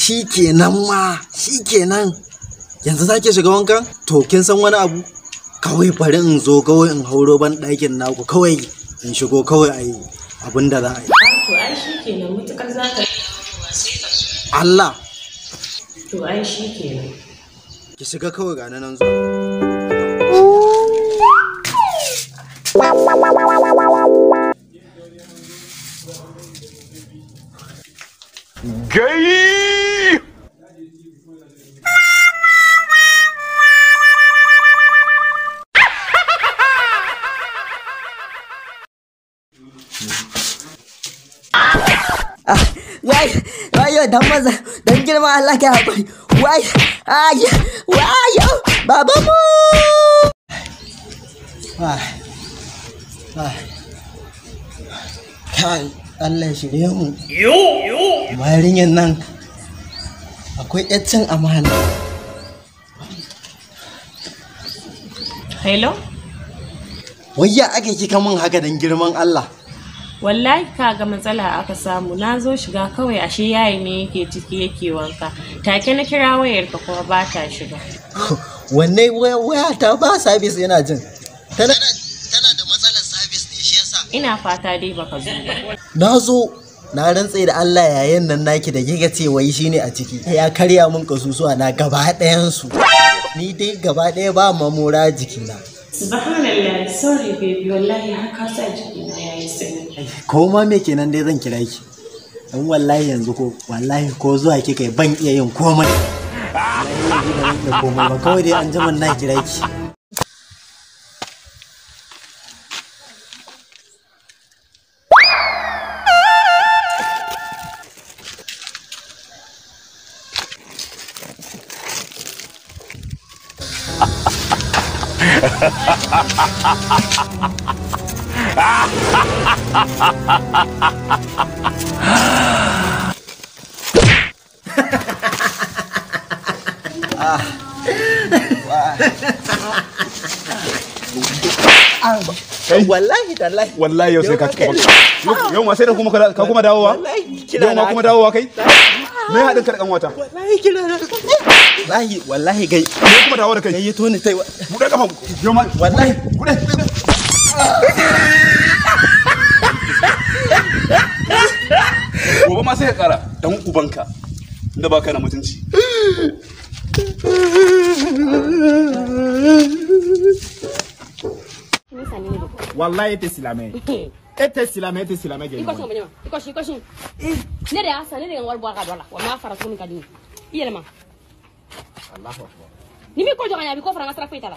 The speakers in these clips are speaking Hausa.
shi kenan ma shi kenan yanzu za ki shiga wankan to kin san wani abu kawai bari in zo kawai in hauro ban ɗakin naku kawai in shigo kawai a yi abin da za a yi to ai shi kenan mutukar za ka Allah to ai shi kenan ki shiga kawai ga nan zo Gay! wai wai dan maza dan girma Allah ke hakuri wai why baba mu kai Allah shirye mu yo yo marinyan nan akwai yaccen amana hello wai ya ake kika min haka dan girman Allah wallahi kaga matsala aka samu na zo shiga kawai ashe yayi ne yake ciki yake wanka take na kira wayarka kuma ba ta shiga wanne waya ta ba sabis yana jin tana da matsalar sabis ne shi yasa ina fata dai baka zo ba na zo na rantse da Allah yayin nan naki da kika ce wai shine a ciki ya karya mun kasusuwa na gaba ɗayan su ni dai gaba ɗaya ba mamora jikina subhanallah sorry baby wallahi haka sa jikina yayi sai ko ma me kenan dai zan kira ki dan wallahi yanzu ko wallahi ko zuwa kika ban iya yin komai komai kawai dai an jima na kira ki ha ha ha ha ha wallahi tallahi wallahi yau sai ka tuka yau ma sai da kuma ka kuma dawowa yau ma kuma dawowa kai me haɗin ka da kanwata wallahi kira wallahi gai kuma dawo da kai yayi to ne tai mu da kafa wallahi kudai gobe ma sai ka kara dan ubanka da baka na mutunci wallahi ita silame ita silame ita silame ge ikoshi mwenyewe ikoshi ne da asa ne da ngwar bwa ka dola wa ma fara sunu kadini iyelma allahu akbar ni nimi ko jo joganya bi ko fara ngasra fitala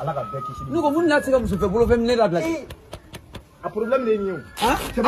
ala ka bɛɛ kisi ne ko mun n'a tɛ se ka muso fɛ bolo fɛn ne labila eh, a problème de ye nin ye o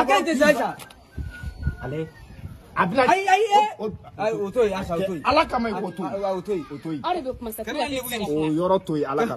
a ka ɲi tɛ sa sa ale a bila ayi ayi ayi o to yen asa o to yen ala kama i k'o to yen o to yen o to yen o yɔrɔ to yen ala ka